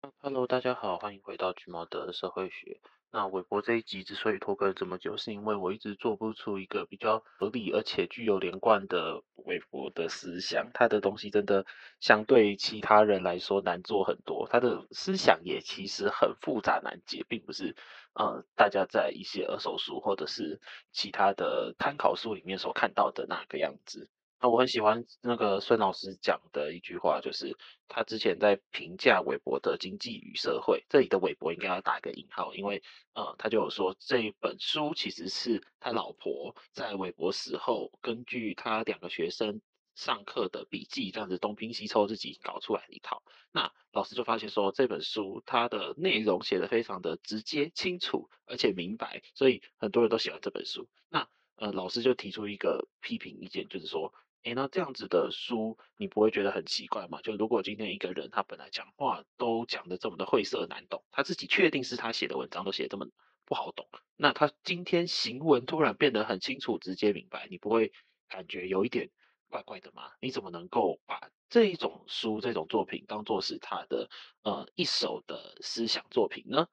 哈嘍，Hello, 大家好，歡迎回到橘貓的社會學。那韋伯這一集之所以拖更這麼久，是因為我一直做不出一個比較合理而且具有連貫的韋伯的思想。他的東西真的相對其他人來說難做很多，他的思想也其實很複雜難解，並不是呃大家在一些二手書或者是其他的參考書裡面所看到的那個樣子。那、啊、我很喜歡那個孫老師講的一句話，就是他之前在評價韋伯的《經濟與社會》，這裡的韋伯應該要打一個引號，因為呃，他就有說這本書其實是他老婆在韋伯死後，根據他兩個學生上課的筆記，這樣子東拼西湊自己搞出來一套。那老師就發現說，這本書它的內容寫得非常的直接、清楚，而且明白，所以很多人都喜歡這本書。那呃，老師就提出一個批評意見，就是說。誒，那這樣子的書，你不會覺得很奇怪嗎？就如果今天一個人，他本來講話都講的這麼的晦澀難懂，他自己確定是他寫的文章都寫這麼不好懂，那他今天行文突然變得很清楚，直接明白，你不會感覺有一點怪怪的嗎？你怎麼能夠把這一種書、這種作品當作是他的呃一手的思想作品呢？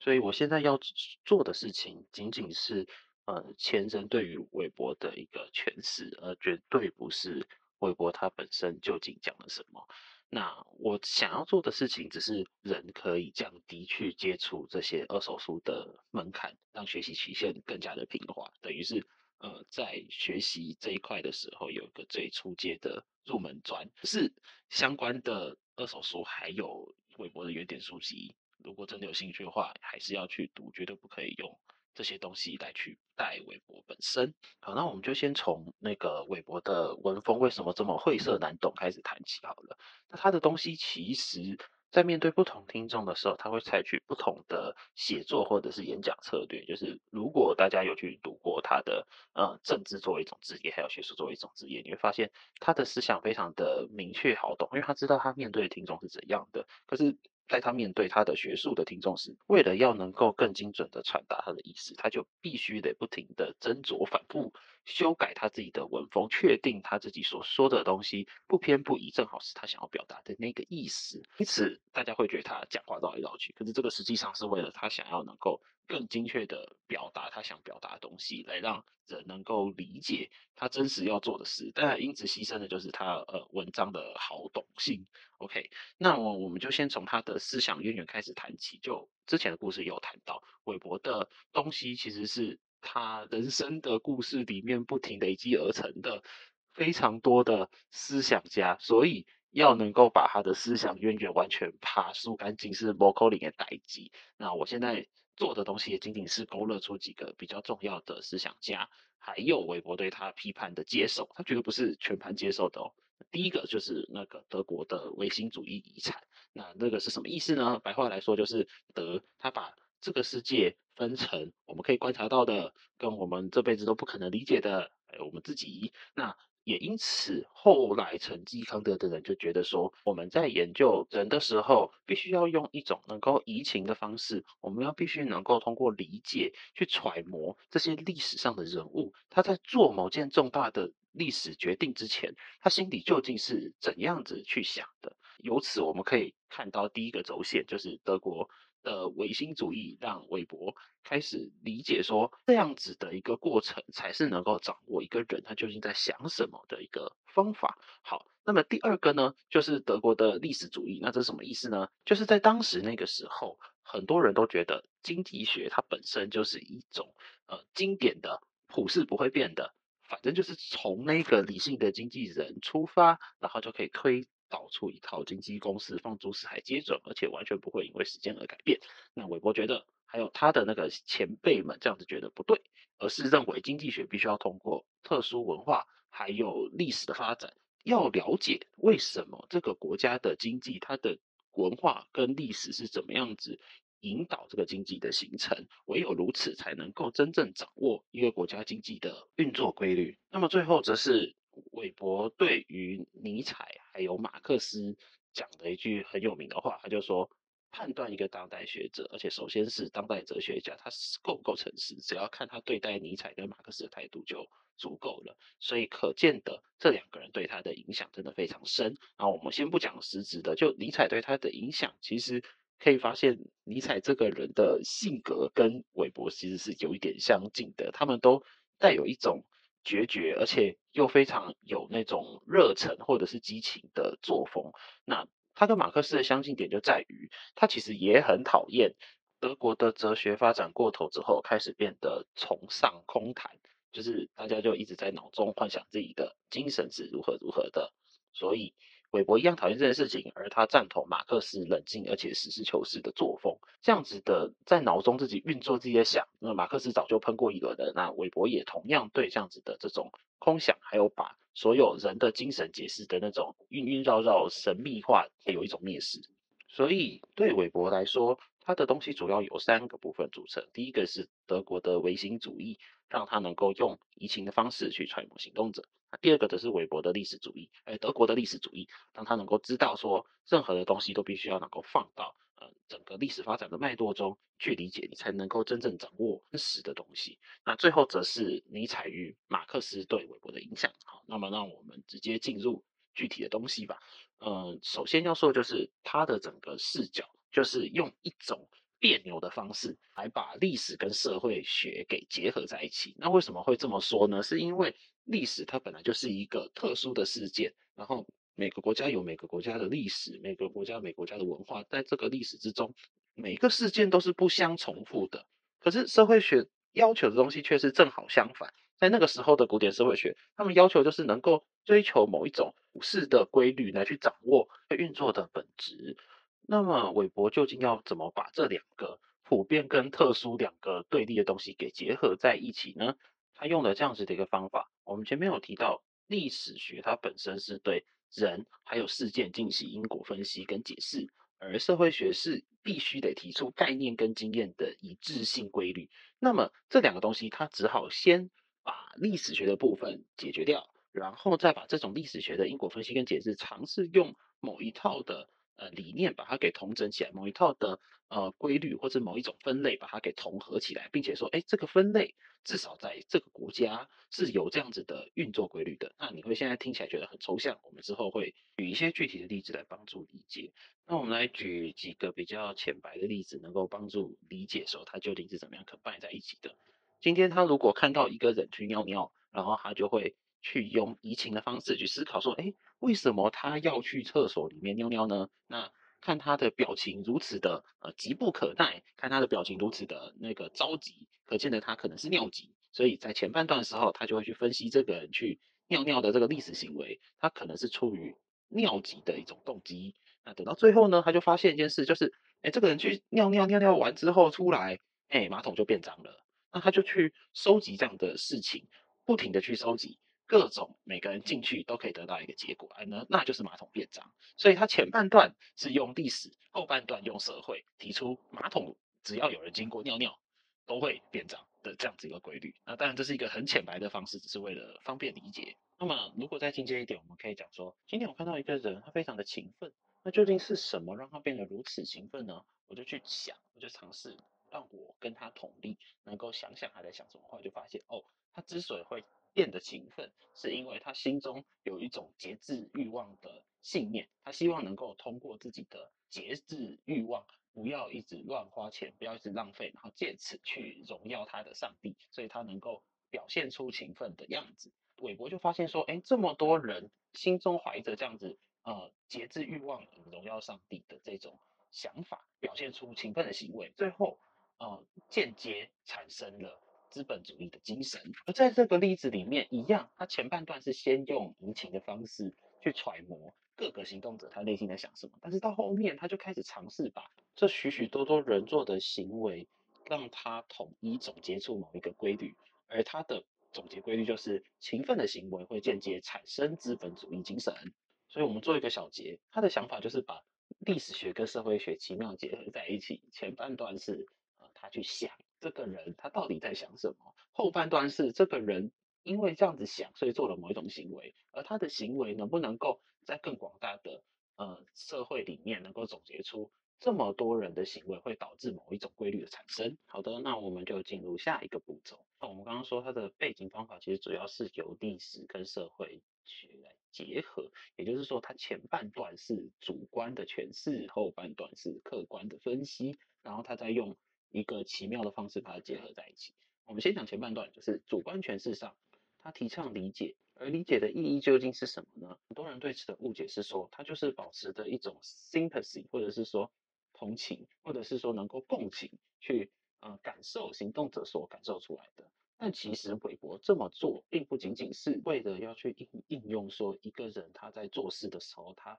所以，我現在要做的事情，僅僅是。呃，前人對於韋伯的一個詮釋，而絕對不是韋伯它本身究竟講了什麼。那我想要做的事情，只是人可以降低去接觸這些二手書的門檻，讓學習曲線更加的平滑。等於是，呃，在學習這一塊的時候，有一個最初階的入門磚，可是相關的二手書，還有韋伯的原點書籍。如果真的有興趣的話，還是要去讀，絕對不可以用。這些東西來去代韋伯本身。好，那我們就先從那個韋伯的文風為什麼這麼晦澀難懂開始談起好了。那他的東西其實，在面對不同聽眾的時候，他會採取不同的寫作或者是演講策略。就是如果大家有去讀過他的，呃，政治作為一種志業，還有學術作為一種志業，你會發現他的思想非常的明確好懂，因為他知道他面對的聽眾是怎樣的。可是在他面對他的學術的聽眾時，為了要能夠更精準的傳達他的意思，他就必須得不停的斟酌、反覆修改他自己的文風，確定他自己所說的東西不偏不倚，正好是他想要表達的那個意思。因此，大家會覺得他講話繞來繞去，可是這個實際上是為了他想要能夠。更精確的表達他想表達的東西，來讓人能夠理解他真實要做的事。當然，因此犧牲的就是他呃文章的好懂性。OK，那我我們就先從他的思想淵源開始談起。就之前的故事也有談到，韋伯的東西其實是他人生的故事裡面不停累積而成的，非常多的思想家，所以要能夠把他的思想淵源完全爬梳乾淨是無可能的代誌。那我現在。做的東西也僅僅是勾勒出幾個比較重要的思想家，還有韋伯對他批判的接受，他絕對不是全盤接受的哦。第一個就是那個德國的唯心主義遺產，那那個是什麼意思呢？白話來說就是德，他把這個世界分成我們可以觀察到的，跟我們這輩子都不可能理解的，還有我們自己那。也因此，後來承繼康德的人就覺得說，我們在研究人的時候，必須要用一種能夠移情的方式，我們要必須能夠通過理解去揣摩這些歷史上的人物，他在做某件重大的歷史決定之前，他心底究竟是怎樣子去想的。由此，我們可以看到第一個軸線，就是德國。的唯心主義讓韋伯開始理解說，這樣子的一個過程才是能夠掌握一個人他究竟在想什麼的一個方法。好，那麼第二個呢，就是德國的歷史主義，那這是什麼意思呢？就是在當時那個時候，很多人都覺得經濟學它本身就是一種呃經典的普世不會變的，反正就是從那個理性的經濟人出發，然後就可以推。搞出一套經濟公式放諸四海皆準，而且完全不會因為時間而改變。那韋伯覺得，還有他的那個前輩們這樣子覺得不對，而是認為經濟學必須要通過特殊文化還有歷史的發展，要了解為什麼這個國家的經濟，它的文化跟歷史是怎麼樣子引導這個經濟的形成，唯有如此，才能夠真正掌握一個國家經濟的運作規律。那麼最後則是。韋伯對於尼采還有馬克思講的一句很有名的話，他就說：判斷一個當代學者，而且首先是當代哲學家，他是夠不夠誠實，只要看他對待尼采跟馬克思的態度就足夠了。所以可見的，這兩個人對他的影響真的非常深。啊，我們先不講實質的，就尼采對他的影響，其實可以發現，尼采這個人的性格跟韋伯其實是有一點相近的，他們都帶有一種。決絕，而且又非常有那種熱忱或者是激情的作風。那他跟馬克思的相近點就在於，他其實也很討厭德國的哲學發展過頭之後，開始變得崇尚空談，就是大家就一直在腦中幻想自己的精神是如何如何的，所以。韋伯一樣討厭這件事情，而他贊同馬克思冷靜而且實事求是的作風。這樣子的在腦中自己運作自己的想，那馬克思早就噴過一輪了。那韋伯也同樣對這樣子的這種空想，還有把所有人的精神解釋的那種暈暈繞繞、神秘化，也有一種蔑視。所以對韋伯來說，他的東西主要有三個部分組成。第一個是德國的唯心主義，讓他能夠用移情的方式去揣摩行動者；第二個則是韋伯的歷史主義，呃，德國的歷史主義，讓他能夠知道說任何的東西都必須要能夠放到呃整個歷史發展的脈絡中去理解，你才能夠真正掌握真實的東西。那最後則是尼采與馬克思對韋伯的影響。好，那麼讓我們直接進入具體的東西吧。嗯、呃，首先要說的就是他的整個視角。就是用一種彆扭的方式，來把歷史跟社會學給結合在一起。那為什麼會這麼說呢？是因為歷史它本來就是一個特殊的事件，然後每個國家有每個國家的歷史，每個國家有每個國家的文化，在這個歷史之中，每一個事件都是不相重複的。可是社會學要求的東西卻是正好相反，在那個時候的古典社會學，他們要求就是能夠追求某一種普世的規律，來去掌握運作的本質。那麼，韋伯究竟要怎麼把這兩個普遍跟特殊兩個對立的東西給結合在一起呢？他用了這樣子的一個方法。我們前面有提到，歷史學它本身是對人還有事件進行因果分析跟解釋，而社會學是必須得提出概念跟經驗的一致性規律。那麼，這兩個東西，他只好先把歷史學的部分解決掉，然後再把這種歷史學的因果分析跟解釋，嘗試用某一套的。呃，理念把它給統整起來，某一套的呃規律或者某一種分類，把它給統合起來，並且說，哎，這個分類至少在這個國家是有這樣子的運作規律的。那你會現在聽起來覺得很抽象，我們之後會舉一些具體的例子來幫助理解。那我們來舉幾個比較淺白的例子，能夠幫助理解說它究竟是怎麼樣可擺在一起的。今天他如果看到一個人去尿尿，然後他就會去用移情的方式去思考說，哎。為什麼他要去廁所裡面尿尿呢？那看他的表情如此的呃急不可待，看他的表情如此的那個着急可見得他可能是尿急。所以在前半段的時候，他就會去分析這個人去尿尿的這個歷史行為，他可能是出於尿急的一種動機。那等到最後呢，他就發現一件事，就是哎、欸，這個人去尿尿尿尿完之後出來，哎、欸，馬桶就變髒了。那他就去收集這樣的事情，不停的去收集。各種每個人進去都可以得到一個結果來、啊、呢，那就是馬桶變髒。所以他前半段是用歷史，後半段用社會，提出馬桶只要有人經過尿尿，都會變髒的這樣子一個規律。那當然這是一個很淺白的方式，只是為了方便理解。那麼如果再進階一點，我們可以講說，今天我看到一個人，他非常的勤奮，那究竟是什麼讓他變得如此勤奮呢？我就去想，我就嘗試讓我跟他同力，能夠想想他在想什麼話，就發現哦，他之所以會。變得勤奮，是因為他心中有一種節制慾望的信念，他希望能夠通過自己的節制慾望，不要一直亂花錢，不要一直浪費，然後借此去榮耀他的上帝，所以他能夠表現出勤奮的樣子。韋伯就發現說，哎、欸，這麼多人心中懷着這樣子，呃，節制慾望榮耀上帝的這種想法，表現出勤奮的行為，最後，呃，間接產生了。資本主義的精神，而在這個例子裡面一樣，他前半段是先用移情的方式去揣摩各個行動者他內心在想什麼，但是到後面他就開始嘗試把這許許多多人做的行為，讓他統一總結出某一個規律，而他的總結規律就是勤奮的行為會間接產生資本主義精神。所以，我們做一個小結，他的想法就是把歷史學跟社會學奇妙結合在一起。前半段是，呃，他去想。這個人他到底在想什麼？後半段是這個人因為這樣子想，所以做了某一種行為，而他的行為能不能夠在更廣大的呃社會裡面，能夠總結出這麼多人的行為會導致某一種規律的產生？好的，那我們就進入下一個步驟。那我們剛剛說他的背景方法其實主要是由歷史跟社會去來結合，也就是說，他前半段是主觀的詮釋，後半段是客觀的分析，然後他在用。一個奇妙的方式把它結合在一起。我們先講前半段，就是主觀詮釋上，他提倡理解，而理解的意義究竟是什麼呢？很多人對此的誤解是說，他就是保持著一種 sympathy，或者是說同情，或者是說能夠共情去呃感受行動者所感受出來的。但其實，韋伯這麼做並不僅僅是為了要去應應用說一個人他在做事的時候他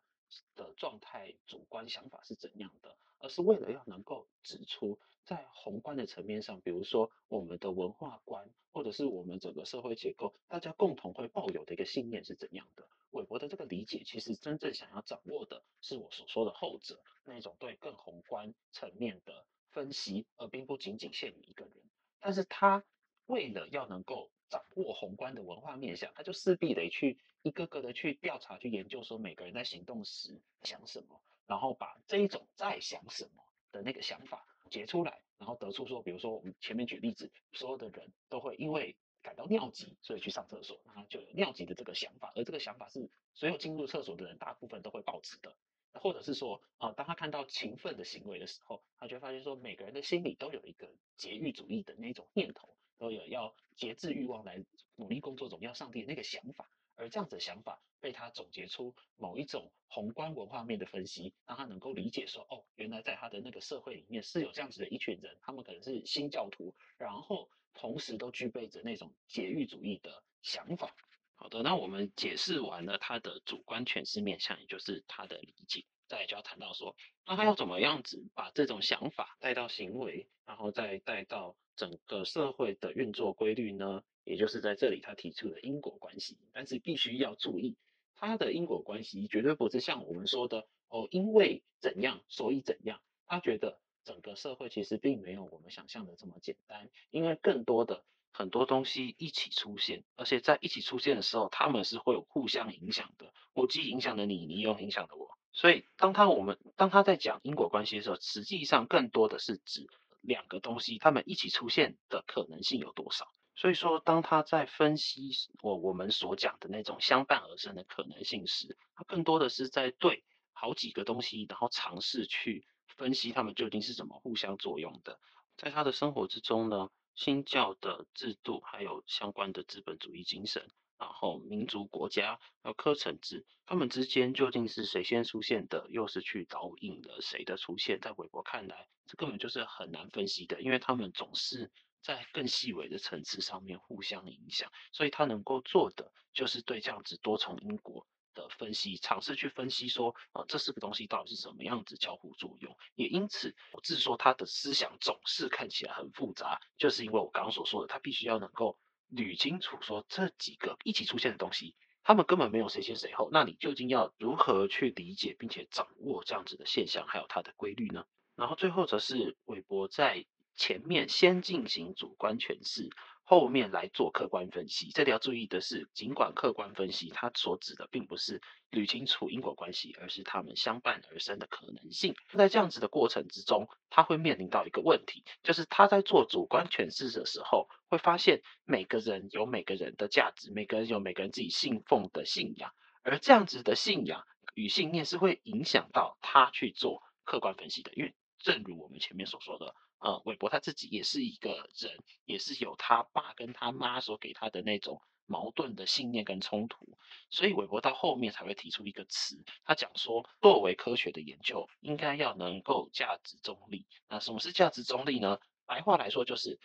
的狀態、主觀想法是怎樣的。而是為了要能夠指出，在宏觀的層面上，比如說我們的文化觀，或者是我們整個社會結構，大家共同會抱有的一個信念是怎樣的。韋伯的這個理解，其實真正想要掌握的是我所說的後者，那種對更宏觀層面的分析，而並不僅僅限於一個人。但是他為了要能夠掌握宏觀的文化面向，他就勢必得去一個個的去調查、去研究，說每個人在行動時想什麼。然後把這一種在想什麼的那個想法截出來，然後得出說，比如說我們前面舉例子，所有的人都會因為感到尿急，所以去上廁所，然後就有尿急的這個想法，而這個想法是所有進入廁所的人大部分都會抱持的，或者是說，啊當他看到勤奮的行為的時候，他就會發現說，每個人的心裡都有一個節慾主義的那種念頭，都有要節制慾望來努力工作，榮耀上帝的那個想法。而這樣子的想法被他總結出某一種宏觀文化面的分析，讓他能夠理解說，哦，原來在他的那個社會裡面是有這樣子的一群人，他們可能是新教徒，然後同時都具備着那種節慾主義的想法。好的，那我們解釋完了他的主觀詮釋面向，也就是他的理解，再來就要談到說，那他要怎麼樣子把這種想法帶到行為，然後再帶到整個社會的運作規律呢？也就是在這裡，他提出了因果關係，但是必須要注意，他的因果關係絕對不是像我們說的哦，因為怎樣，所以怎樣。他覺得整個社會其實並沒有我們想象的這麼簡單，因為更多的很多東西一起出現，而且在一起出現的時候，他們是會有互相影響的，我既影響了你，你又影響了我。所以，當他我們當他在講因果關係的時候，實際上更多的是指兩個東西，他們一起出現的可能性有多少。所以說，當他在分析我我們所講的那種相伴而生的可能性時，他更多的是在對好幾個東西，然後嘗試去分析他們究竟是怎麼互相作用的。在他的生活之中呢，新教的制度，還有相關的資本主義精神，然後民族國家，還有科層制，他們之間究竟是誰先出現的，又是去導引了誰的出現？在韋伯看來，這根本就是很難分析的，因為他們總是。在更細微的層次上面互相影響，所以他能夠做的就是對這樣子多重因果的分析，嘗試去分析說，啊，這四個東西到底是什麼樣子交互作用。也因此，導致說他的思想總是看起來很複雜，就是因為我剛剛所說的，他必須要能夠捋清楚說這幾個一起出現的東西，他們根本沒有誰先誰後。那你究竟要如何去理解並且掌握這樣子的現象，還有它的規律呢？然後最後則是韋伯在。前面先進行主觀詮釋，後面來做客觀分析。這裡要注意的是，儘管客觀分析它所指的並不是捋清楚因果關係，而是他們相伴而生的可能性。在這樣子的過程之中，他會面臨到一個問題，就是他在做主觀詮釋的時候，會發現每個人有每個人的價值，每個人有每個人自己信奉的信仰。而這樣子的信仰與信念是會影響到他去做客觀分析的運，因為正如我們前面所說的。呃，韋伯他自己也是一個人，也是有他爸跟他媽所給他的那種矛盾的信念跟衝突，所以韋伯到後面才會提出一個詞，他講說，作為科學的研究，應該要能夠價值中立。那什麼是價值中立呢？白話來說就是，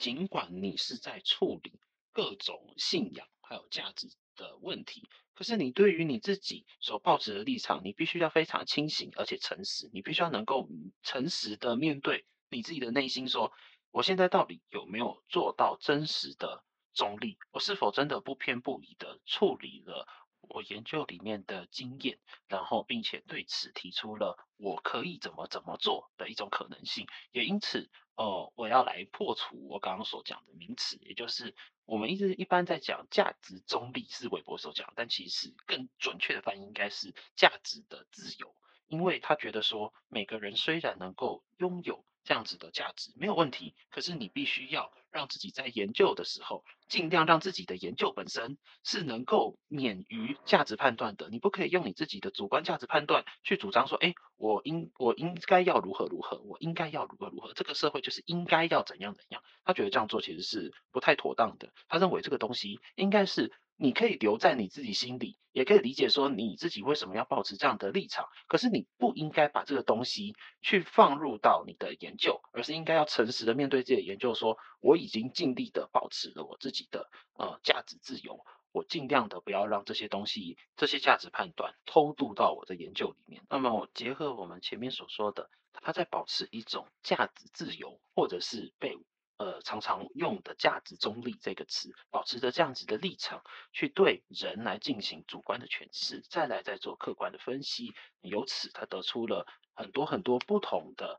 儘管你是在處理各種信仰還有價值的問題，可是你對於你自己所抱持的立場，你必須要非常清醒，而且誠實，你必須要能夠誠實的面對。你自己的內心說：“我現在到底有沒有做到真實的中立？我是否真的不偏不倚的處理了我研究裡面的經驗？然後，並且對此提出了我可以怎麼怎麼做的一種可能性。也因此，呃，我要來破除我剛剛所講的名詞，也就是我們一直一般在講價值中立，是韋伯所講的，但其實更準確的翻譯應該是價值的自由，因為他覺得說每個人雖然能夠擁有。這樣子的價值沒有問題，可是你必須要讓自己在研究的時候，盡量讓自己的研究本身是能夠免於價值判斷的。你不可以用你自己的主觀價值判斷去主張說，哎、欸，我應我應該要如何如何，我應該要如何如何，這個社會就是應該要怎樣怎樣。他覺得這樣做其實是不太妥當的，他認為這個東西應該是。你可以留在你自己心裡，也可以理解說你自己為什麼要保持這樣的立場。可是你不應該把這個東西去放入到你的研究，而是應該要誠實的面對自己的研究說，說我已經盡力的保持了我自己的呃價值自由，我盡量的不要讓這些東西、這些價值判斷偷渡到我的研究裡面。那麼結合我們前面所說的，他在保持一種價值自由，或者是被。呃，常常用的價值中立這個詞，保持着這樣子的立場去對人來進行主觀的詮釋，再來再做客觀的分析，由此他得出了很多很多不同的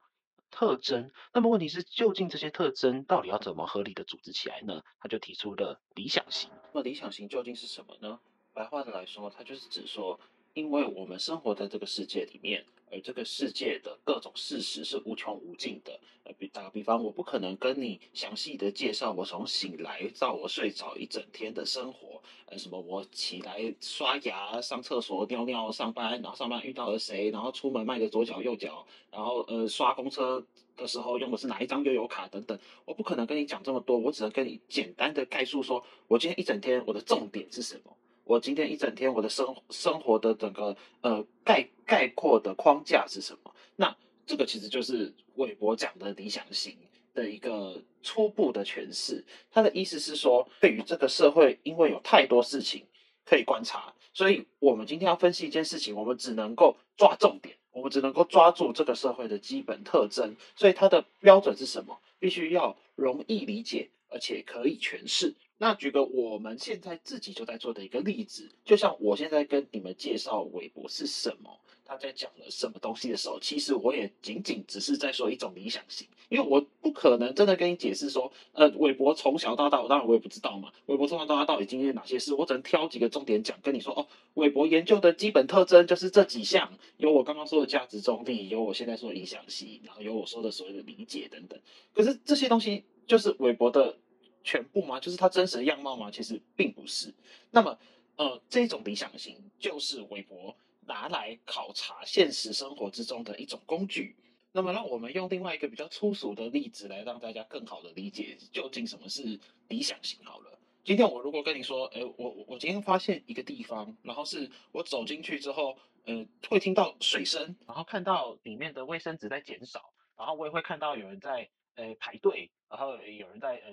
特徵。那麼問題是，究竟這些特徵到底要怎麼合理的組織起來呢？他就提出了理想型。那理想型究竟是什麼呢？白話的來說，它就是指說。因為我們生活在這個世界裡面，而這個世界的各種事實是無窮無盡的。呃，比打個比方，我不可能跟你詳細的介紹我從醒來到我睡着一整天的生活。呃，什麼我起來刷牙、上廁所、尿尿、上班，然後上班遇到了誰，然後出門邁着左腳右腳，然後呃刷公車的時候用的是哪一張悠遊卡等等，我不可能跟你講這麼多，我只能跟你簡單的概述說，我今天一整天我的重點是什麼。我今天一整天，我的生生活的整個呃概概括的框架是什麼？那這個其實就是韋伯講的理想型的一個初步的詮釋。他的意思是說，對於這個社會，因為有太多事情可以觀察，所以我們今天要分析一件事情，我們只能夠抓重點，我們只能夠抓住這個社會的基本特徵。所以它的標準是什麼？必須要容易理解，而且可以詮釋。那舉個我們現在自己就在做的一個例子，就像我現在跟你們介紹韋伯是什麼，他在講了什麼東西的時候，其實我也僅僅只是在說一種理想型，因為我不可能真的跟你解釋說，呃，韋伯從小到大，我當然我也不知道嘛，韋伯從小到大到底經歷了哪些事，我只能挑幾個重點講，跟你說，哦，韋伯研究的基本特徵就是這幾項，有我剛剛說的價值中立，有我現在說的理想型，然後有我說的所謂的理解等等，可是這些東西就是韋伯的。全部嗎？就是它真實的樣貌嗎？其實並不是。那麼，呃，這種理想型就是韋伯拿來考察現實生活之中的一種工具。那麼，讓我們用另外一個比較粗俗的例子來讓大家更好的理解，究竟什麼是理想型好了。今天我如果跟你說，哎，我我今天發現一個地方，然後是我走進去之後，呃，會聽到水聲，然後看到裡面的衛生紙在減少，然後我也會看到有人在呃排隊，然後有人在呃。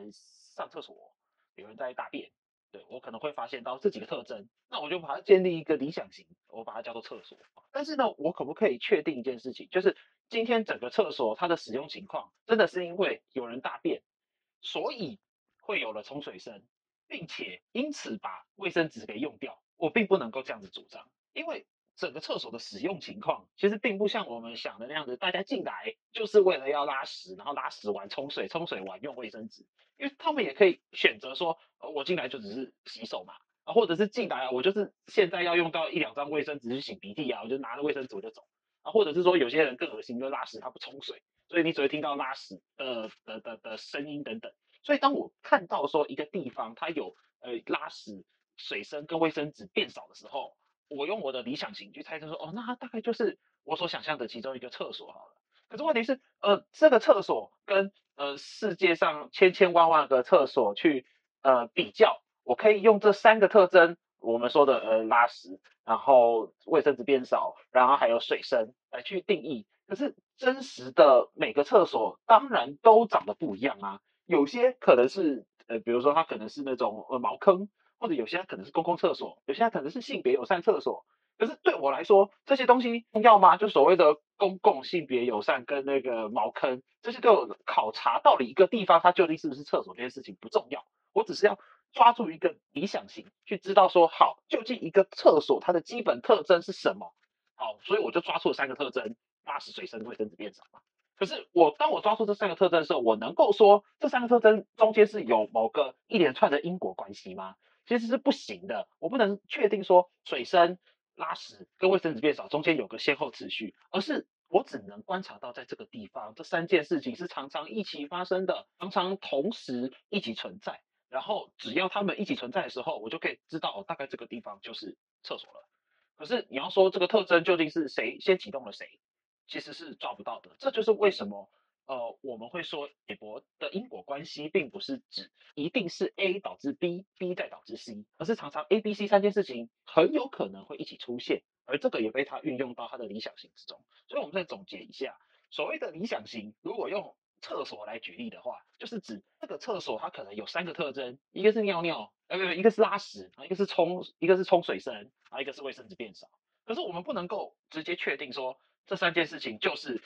上廁所，有人在大便，對，我可能會發現到這幾個特徵，那我就把它建立一個理想型，我把它叫做廁所。但是呢，我可不可以確定一件事情，就是今天整個廁所它的使用情況，真的是因為有人大便，所以會有了沖水聲，並且因此把衛生紙給用掉？我並不能夠這樣子主張，因為。整個廁所的使用情況其實並不像我們想的那樣子，大家進來就是為了要拉屎，然後拉屎完沖水，沖水完用衛生紙，因為他們也可以選擇說，呃，我進來就只是洗手嘛，啊，或者是進來啊，我就是現在要用到一兩張衛生紙去擤鼻涕啊，我就拿着衛生紙我就走，啊，或者是說有些人更惡心，就拉屎他不沖水，所以你只會聽到拉屎的的的的聲音等等。所以當我看到說一個地方它有呃拉屎水聲跟衛生紙變少的時候，我用我的理想型去猜測說，哦，那它大概就是我所想象的其中一個廁所好了。可是問題是，呃，這個廁所跟呃世界上千千萬萬個廁所去呃比較，我可以用這三個特徵，我們說的呃拉屎，然後衛生紙變少，然後還有水深來去定義。可是真實的每個廁所當然都長得不一樣啊，有些可能是呃，比如說它可能是那種呃茅坑。或者有些人可能是公共廁所，有些人可能是性別友善廁所。可是對我來說，這些東西重要嗎？就所謂的公共性別友善跟那個茅坑，這些都考察到了一個地方，它究竟是不是廁所，這件事情不重要。我只是要抓住一個理想型，去知道說，好，究竟一個廁所它的基本特徵是什麼？好，所以我就抓住了三個特徵：拉屎、水聲、衛生紙變少嘛。可是我當我抓住這三個特徵的時候，我能夠說這三個特徵中間是有某個一連串的因果關係嗎？其實是不行的，我不能確定說水深、拉屎跟衛生紙變少中間有個先後次序，而是我只能觀察到在這個地方這三件事情是常常一起發生的，常常同時一起存在。然後只要它們一起存在的時候，我就可以知道，哦，大概這個地方就是廁所了。可是你要說這個特徵究竟是誰先啟動了誰，其實是抓不到的。這就是為什麼。呃，我們會說，韋伯的因果關係，並不是指一定是 A 導致 B，B 再導致 C，而是常常 A、B、C 三件事情很有可能會一起出現，而這個也被他運用到他的理想型之中。所以，我們再總結一下，所謂的理想型，如果用廁所來舉例的話，就是指這個廁所它可能有三個特徵，一個是尿尿，呃不不，一個是拉屎啊，一個是沖，一個是沖水聲啊，一個是衛生紙變少。可是我們不能夠直接確定說這三件事情就是。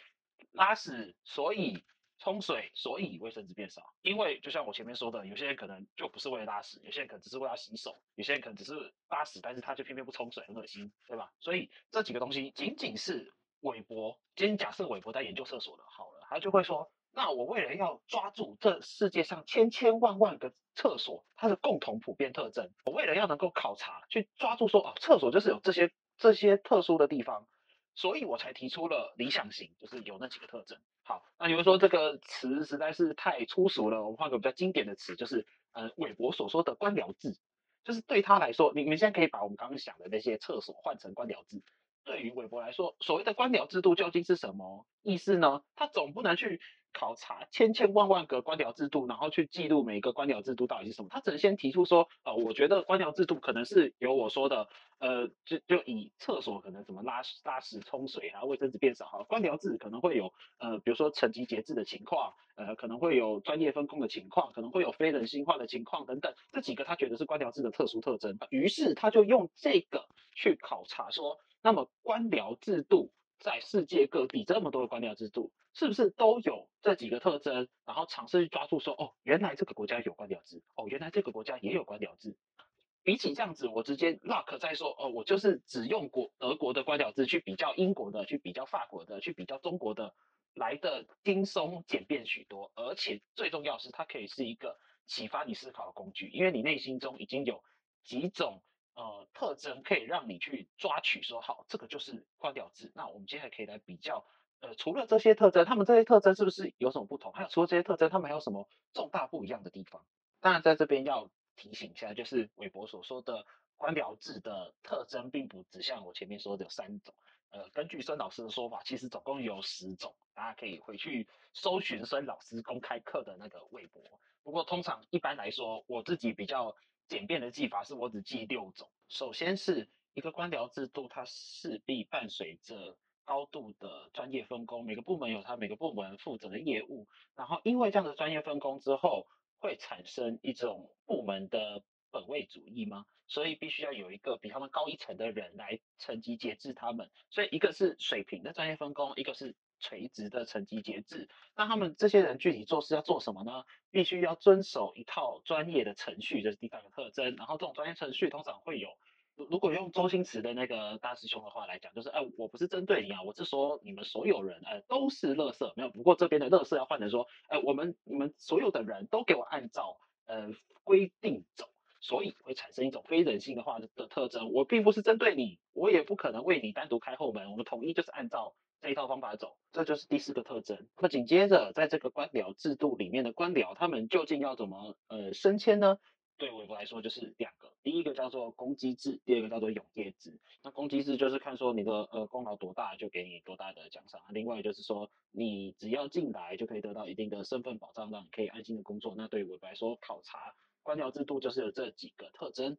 拉屎，所以沖水，所以衛生紙變少。因為就像我前面說的，有些人可能就不是為了拉屎，有些人可能只是為了洗手，有些人可能只是拉屎，但是他就偏偏不沖水，很噁心，對吧？所以這幾個東西僅僅是韋伯，今天假設韋伯在研究廁所的，好了，他就會說，那我為了要抓住這世界上千千萬萬個廁所，它的共同普遍特徵，我為了要能夠考察，去抓住說，哦，廁所就是有這些這些特殊的地方。所以我才提出了理想型，就是有那幾個特徵。好，那你們說這個詞實在是太粗俗了，我們換個比較經典的詞，就是呃，韋伯所說的官僚制，就是對他來說，你你們現在可以把我們剛剛想的那些廁所換成官僚制。對於韋伯來說，所謂的官僚制度究竟是什麼意思呢？他總不能去。考察千千萬萬個官僚制度，然後去記錄每個官僚制度到底是什麼。他只能先提出說，呃，我覺得官僚制度可能是由我說的，呃，就就以廁所可能怎麼拉拉屎沖水啊，衛生紙變少哈，官僚制可能會有，呃，比如說層級節制的情況，呃，可能會有專業分工的情況，可能會有非人性化的情況等等，這幾個他覺得是官僚制的特殊特徵。於是他就用這個去考察說，那麼官僚制度。在世界各地這麼多的官僚制度，是不是都有這幾個特徵？然後嘗試去抓住說，說哦，原來這個國家有官僚制，哦，原來這個國家也有官僚制。比起這樣子，我直接 luck 在說，哦，我就是只用國德國的官僚制去比較英國的，去比較法國的，去比較中國的，來得輕鬆簡便許多。而且最重要的是，它可以是一個啟發你思考的工具，因為你內心中已經有幾種。呃，特徵可以讓你去抓取說，說好，這個就是官僚制。那我們接下來可以來比較，呃，除了這些特徵，他們這些特徵是不是有什麼不同？還有除了這些特徵，他們還有什麼重大不一樣的地方？當然，在這邊要提醒一下，就是韋伯所說的官僚制的特徵，並不只像我前面說的有三種。呃，根據孫老師的說法，其實總共有十種，大家可以回去搜尋孫老師公開課的那個韋伯。不過通常一般來說，我自己比較。簡便的記法是我只記六種。首先是一個官僚制度，它勢必伴隨着高度的專業分工，每個部門有它每個部門負責的業務。然後因為這樣的專業分工之後會產生一種部門的本位主義嗎？所以必須要有一個比他們高一層的人來層級節制他們。所以一個是水平的專業分工，一個是。垂直的層級節制，那他們這些人具體做事要做什麼呢？必須要遵守一套專業的程序，這、就是第三個特徵。然後這種專業程序通常會有，如如果用周星馳的那個大師兄的話來講，就是哎、呃，我不是針對你啊，我是說你們所有人，呃，都是垃圾，沒有。不過這邊的垃圾要換成說，哎、呃，我們你們所有的人都給我按照呃規定走，所以會產生一種非人性化的特徵。我並不是針對你，我也不可能為你單獨開後門，我們統一就是按照。這一套方法走，這就是第四個特徵。那麼緊接着，在這個官僚制度裡面的官僚，他們究竟要怎麼呃升遷呢？對韋伯來說，就是兩個，第一個叫做功績制，第二個叫做永業制。那功績制就是看說你的呃功勞多大，就給你多大的獎賞。另外就是說，你只要進來就可以得到一定的身份保障，讓你可以安心的工作。那對於韋伯來說，考察官僚制度就是有這幾個特徵。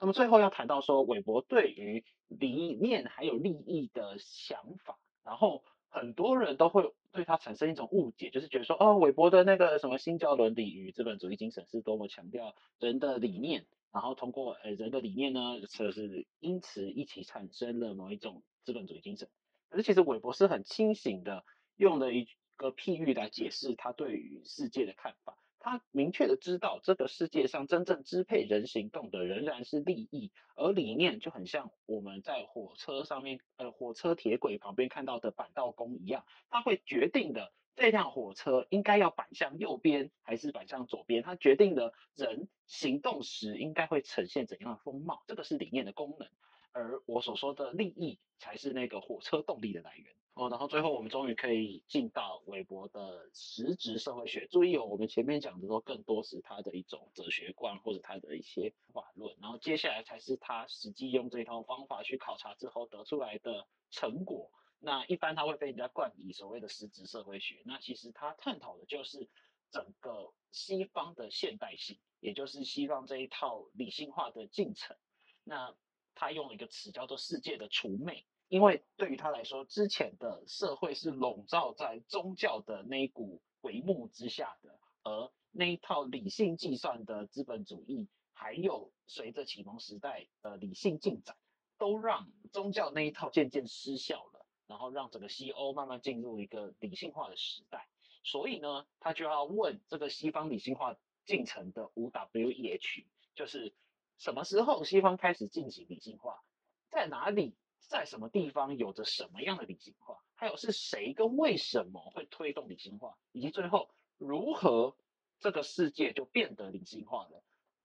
那麼最後要談到說，韋伯對於理念還有利益的想法。然後很多人都會對他產生一種誤解，就是覺得說，哦，韋伯的那個什麼新教倫理與資本主義精神是多麼強調人的理念，然後通過呃、哎、人的理念呢，就是因此一起產生了某一種資本主義精神。可是其實韋伯是很清醒的，用了一個譬喻來解釋他對於世界的看法。他明確的知道，這個世界上真正支配人行動的仍然是利益，而理念就很像我們在火車上面，呃，火車鐵軌旁邊看到的扳道工一樣，他會決定的這輛火車應該要扳向右邊還是扳向左邊，他決定的人行動時應該會呈現怎樣的風貌，這個是理念的功能。而我所說的利益才是那個火車動力的來源哦。然後最後我們終於可以進到韋伯的實質社會學。注意哦，我們前面講的說更多是他的一種哲學觀或者他的一些法論，然後接下來才是他實際用這一套方法去考察之後得出來的成果。那一般他會被人家冠以所謂的實質社會學。那其實他探討的就是整個西方的現代性，也就是西方這一套理性化的進程。那他用了一個詞叫做“世界的除魅”，因為對於他來說，之前的社會是籠罩在宗教的那一股帷幕之下的，而那一套理性計算的資本主義，還有隨着啟蒙時代的理性進展，都讓宗教那一套漸漸失效了，然後讓整個西歐慢慢進入一個理性化的時代。所以呢，他就要問這個西方理性化進程的五 W E H，就是。什麼時候西方開始進行理性化？在哪裡，在什麼地方有着什麼樣的理性化？還有是誰跟為什麼會推動理性化？以及最後如何這個世界就變得理性化呢？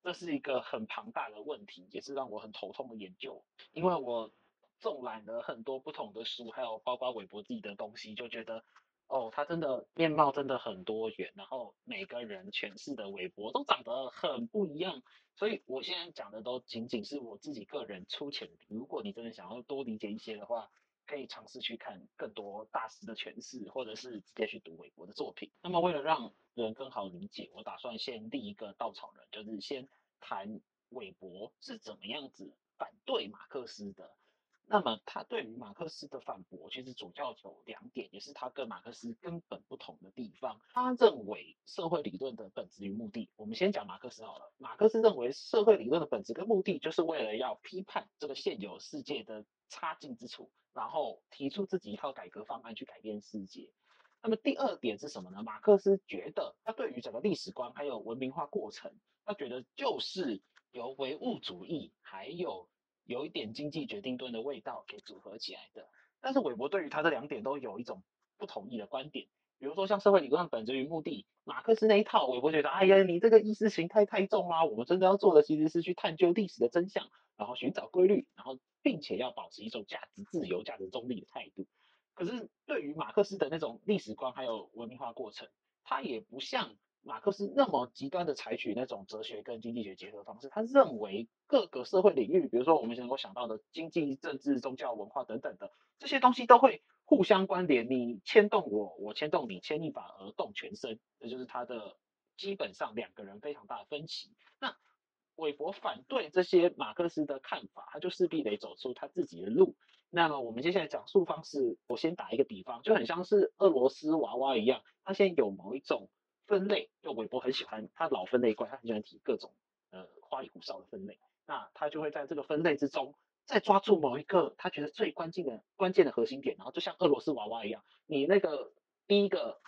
這是一個很龐大的問題，也是讓我很頭痛的研究。因為我縱覽了很多不同的書，還有包括韋伯自己的東西，就覺得哦，他真的面貌真的很多元，然後每個人詮釋的韋伯都長得很不一樣。所以我現在講的都僅僅是我自己個人粗淺的，如果你真的想要多理解一些的話，可以嘗試去看更多大師的詮釋，或者是直接去讀韋伯的作品。那麼為了讓人更好理解，我打算先立一個稻草人，就是先談韋伯是怎麼樣子反對馬克思的。那麼他對於馬克思的反駁，其實主要有兩點，也是他跟馬克思根本不同的地方。他認為社會理論的本質與目的，我們先講馬克思好了。馬克思認為社會理論的本質跟目的，就是為了要批判這個現有世界的差勁之處，然後提出自己一套改革方案去改變世界。那麼第二點是什麼呢？馬克思覺得他對於整個歷史觀還有文明化過程，他覺得就是由唯物主義還有。有一點經濟決定論的味道給組合起來的，但是韋伯對於他這兩點都有一種不同意的觀點。比如說像社會理論上，本質與目的，馬克思那一套，韋伯覺得，哎呀，你這個意識形態太重了，我們真的要做的其實是去探究歷史的真相，然後尋找規律，然後並且要保持一種價值自由、價值中立的態度。可是對於馬克思的那種歷史觀，還有文明化過程，它也不像。馬克思那麼極端的採取那種哲學跟經濟學結合的方式，他認為各個社會領域，比如說我們能夠想到的經濟、政治、宗教、文化等等的這些東西，都會互相關聯，你牽動我，我牽動你，牽一髮而動全身，這就是他的基本上兩個人非常大的分歧。那韋伯反對這些馬克思的看法，他就勢必得走出他自己的路。那麼我們接下來講述方式，我先打一個比方，就很像是俄羅斯娃娃一樣，他現在有某一種。分類就韋伯很喜歡，他老分類怪，他很喜歡提各種呃花裡胡哨的分類。那他就會在這個分類之中，再抓住某一個他覺得最關鍵的、關鍵的核心點，然後就像俄羅斯娃娃一樣，你那個第一個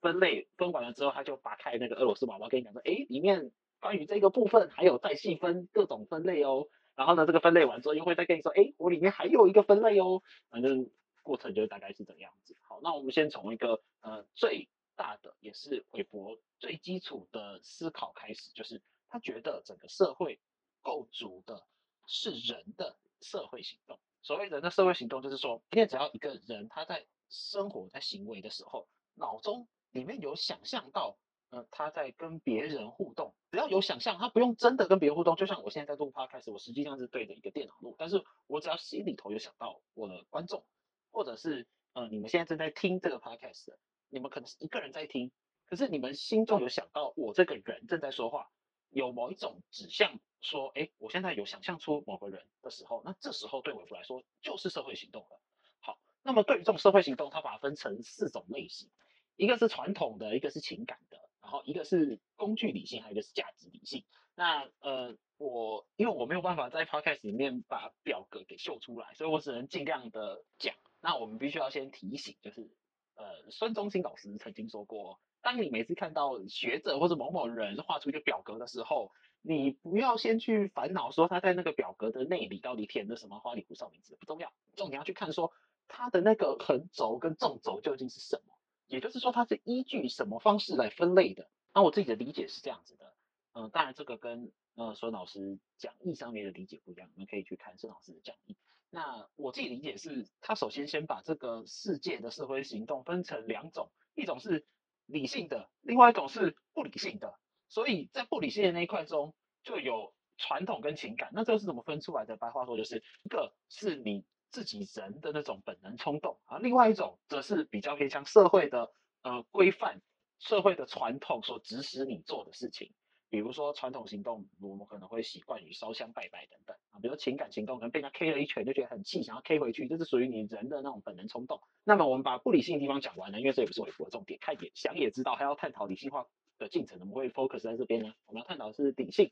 分類分完了之後，他就拔開那個俄羅斯娃娃跟你講說，誒、欸，裡面關於這個部分還有再細分各種分類哦。然後呢，這個分類完之後又會再跟你說，誒、欸，我裡面還有一個分類哦。反正過程就大概是這個樣子。好，那我們先從一個呃最。大的也是韋伯最基礎的思考開始，就是他覺得整個社會構築的是人的社會行動。所謂人的社會行動，就是說，因為只要一個人他在生活在行為的時候，腦中裡面有想象到，呃他在跟別人互動，只要有想象，他不用真的跟別人互動。就像我現在在錄 Podcast，我實際上是對着一個電腦錄，但是我只要心裡頭有想到我的觀眾，或者是呃你們現在正在聽這個 Podcast 的。你們可能是一個人在聽，可是你們心中有想到我這個人正在說話，有某一種指向說，哎，我現在有想象出某個人的時候，那這時候對韋伯來說就是社會行動了。好，那麼對於這種社會行動，他把它分成四種類型，一個是傳統的，一個是情感的，然後一個是工具理性，還有一個是價值理性。那呃，我因為我沒有辦法在 podcast 裡面把表格給秀出來，所以我只能儘量的講。那我們必須要先提醒，就是。呃，孫中興老師曾經說過，當你每次看到學者或者某某人畫出一個表格的時候，你不要先去煩惱說他在那個表格的內裡到底填了什麼花裡胡哨名字，不重要，重點要去看說他的那個橫軸跟縱軸究竟是什麼，也就是說他是依據什麼方式來分類的。那、啊、我自己的理解是這樣子的，嗯，當然這個跟呃孫老師講義上面的理解不一樣，你們可以去看孫老師的講義。那我自己理解是，他首先先把這個世界的社會行動分成兩種，一種是理性的，另外一種是不理性的。所以在不理性的那一塊中，就有傳統跟情感。那這個是怎麼分出來的？白話說就是一個是你自己人的那種本能衝動啊，另外一種則是比較偏向社會的呃規範、社會的傳統所指使你做的事情。比如說傳統行動，我們可能會習慣於燒香拜拜等等啊。比如說情感行動，可能被人家 K 了一拳，就覺得很氣，想要 K 回去，這是屬於你人的那種本能衝動。那麼我們把不理性的地方講完了，因為這也不是韋伯的重點。看也想也知道，還要探討理性化的進程，怎麼會 focus 在這邊呢？我們要探討的是理性，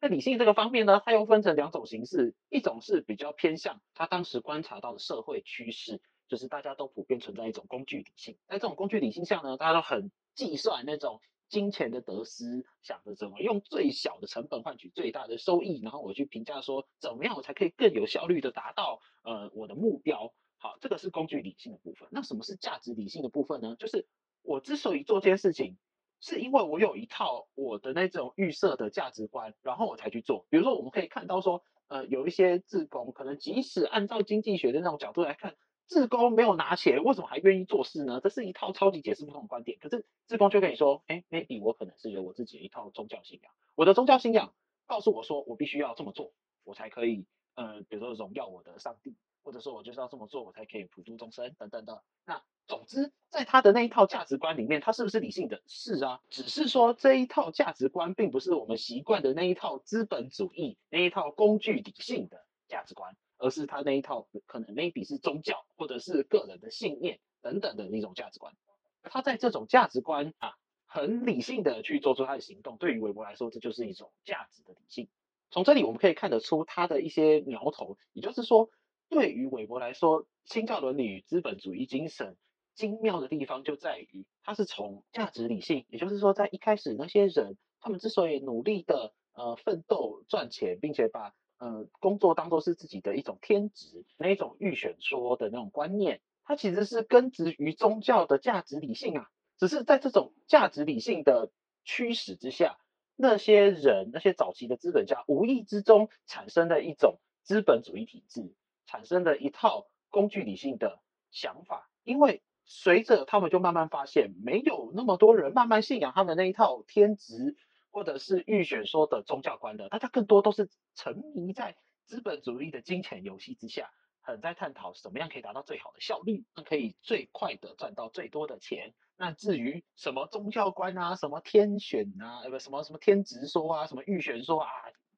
那理性這個方面呢，它又分成兩種形式，一種是比較偏向他當時觀察到的社會趨勢，就是大家都普遍存在一種工具理性，在這種工具理性下呢，大家都很計算那種金錢的得失，想着怎麼用最小的成本換取最大的收益，然後我去評價說，怎麼樣我才可以更有效率的達到呃我的目標。好，這個是工具理性的部分。那什麼是價值理性的部分呢？就是我之所以做這件事情，是因為我有一套我的那種預設的價值觀，然後我才去做。比如說，我們可以看到說，呃，有一些志工，可能即使按照經濟學的那種角度來看。志工沒有拿錢，為什麼還願意做事呢？這是一套超級解釋不通的觀點。可是志工卻跟你說：“哎、欸、，maybe 我可能是有我自己的一套宗教信仰，我的宗教信仰告訴我說，我必須要這麼做，我才可以，呃，比如說榮耀我的上帝，或者說我就是要這麼做，我才可以普度眾生等等的。那總之，在他的那一套價值觀裡面，他是不是理性的？是啊，只是說這一套價值觀並不是我們習慣的那一套資本主義那一套工具理性的價值觀。”而是他那一套，可能 maybe 是宗教，或者是個人的信念等等的那種價值觀。他在這種價值觀啊，很理性的去做出他的行動。對於韋伯來說，這就是一種價值的理性。從這裡我們可以看得出他的一些苗頭，也就是說，對於韋伯來說，新教倫理與資本主義精神精妙的地方就在於，他是從價值理性，也就是說，在一開始那些人他們之所以努力的呃奮鬥賺錢，並且把。呃，工作當做是自己的一種天職，那一種預選說的那種觀念，它其實是根植於宗教的價值理性啊。只是在這種價值理性的驅使之下，那些人，那些早期的資本家，無意之中產生了一種資本主義體制，產生了一套工具理性的想法。因為隨着他們就慢慢發現，沒有那麼多人慢慢信仰他們那一套天職。或者是預選說的宗教觀的，大家更多都是沉迷在資本主義的金錢遊戲之下，很在探討什麼樣可以達到最好的效率，可以最快的賺到最多的錢。那至於什麼宗教觀啊，什麼天選啊，呃不什麼什麼天職說啊，什麼預選說啊，